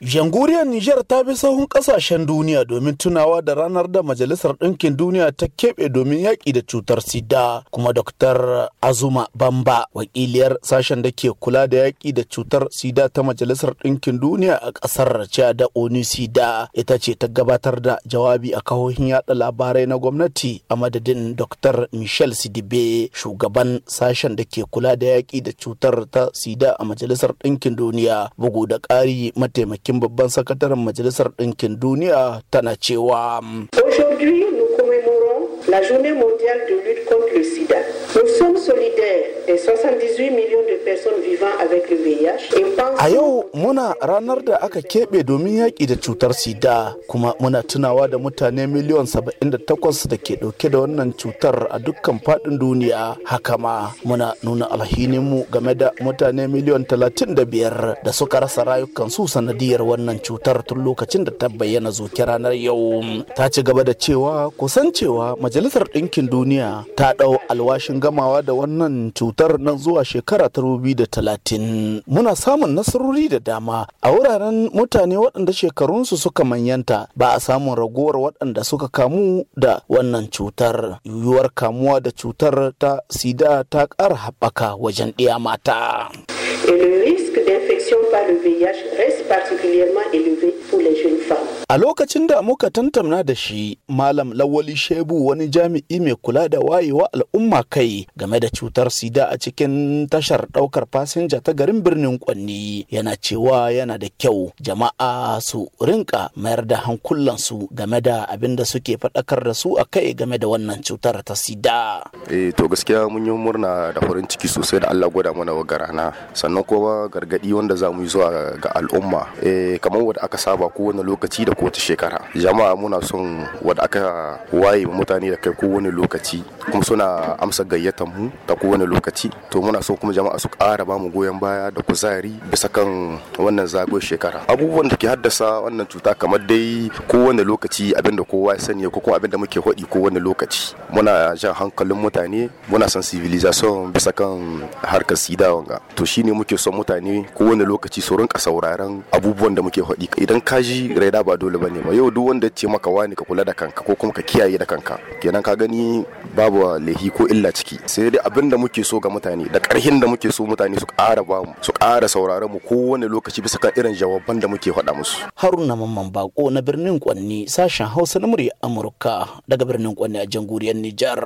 Janguriyar Nijar ta bi sahun kasashen duniya domin tunawa da ranar da Majalisar Ɗinkin Duniya ta keɓe domin yaƙi da cutar sida kuma Dr. Azuma Bamba wakiliyar sashen da ke kula da yaƙi da cutar sida ta Majalisar Ɗinkin Duniya a ƙasar da Oni Sida ita ce ta gabatar da jawabi a kahohin yaɗa labarai na gwamnati a madadin Dr. Michel Sidibe shugaban sashen da ke kula da yaƙi da cutar ta sida a Majalisar Ɗinkin Duniya bugu da ƙari mataimaki mataimakin babban sakataren majalisar ɗinkin duniya tana cewa La journée mondiale de lutte contre le sida. Nous sommes solidaires A yau muna ranar da aka keɓe domin yaƙi da cutar sida kuma muna tunawa da mutane miliyon 78 da ke ɗauke da wannan cutar a dukkan faɗin duniya haka ma muna nuna alhininmu game da mutane miliyon 35 da suka rasa rayukansu sanadiyar wannan cutar tun lokacin da ta bayyana zuke ranar yau ta ci gaba da cewa kusan cewa majalisar ɗinkin duniya ta ɗau alwashin gamawa da wannan cutar cutar nan zuwa shekara ta da talatin. Muna samun nasarori da dama a wuraren mutane waɗanda shekarunsu suka manyanta ba a samun raguwar waɗanda suka kamu da wannan cutar. Yiwuwar kamuwa da cutar ta sida ta ƙara haɓaka wajen ɗiya mata. Et le risque d'infection par le VIH reste particulièrement élevé pour les jeunes femmes. A lokacin da muka tantamna da shi, Malam Lawali Shebu wani jami'i mai kula da wayewa al'umma kai game da cutar sida a cikin tashar ɗaukar fasinja ta garin birnin Kwanni yana cewa yana da kyau jama'a su rinka mayar da hankulansu game da abin da suke faɗakar da su a kai game da wannan cutar ta sida. Eh to gaskiya mun yi murna da farin ciki sosai da Allah gwada mana wa garana sannan kuma gargaɗi wanda za mu yi zuwa ga al'umma eh kamar wanda aka saba kowane lokaci da wata shekara jama'a muna son wadda aka waye mutane da kai kowane lokaci kuma suna amsa gayyatar mu ta kowane lokaci to muna son kuma jama'a su ƙara ba mu goyon baya da kuzari bisa kan wannan zagon shekara abubuwan da ke haddasa wannan cuta kamar dai kowane lokaci abinda kowa ya sani ko kuma abinda muke hodi kowane lokaci muna jan hankalin mutane muna son civilization bisa kan harkar sida wanga to shine muke son mutane kowane lokaci su rinka sauraron abubuwan da muke hodi idan kaji raida ba do dole bane ba yau duk wanda ce maka wani ka kula da kanka ko kuma ka kiyaye da kanka kenan ka gani babu lehi ko illa ciki sai dai abin da muke so ga mutane da karhin da muke so mutane su ƙara ba mu su ƙara sauraron mu kowane lokaci bisa kan irin jawaban da muke faɗa musu haruna mamman bako na birnin kwanni sashen hausa na murya amurka daga birnin kwanni a jamhuriyar nijar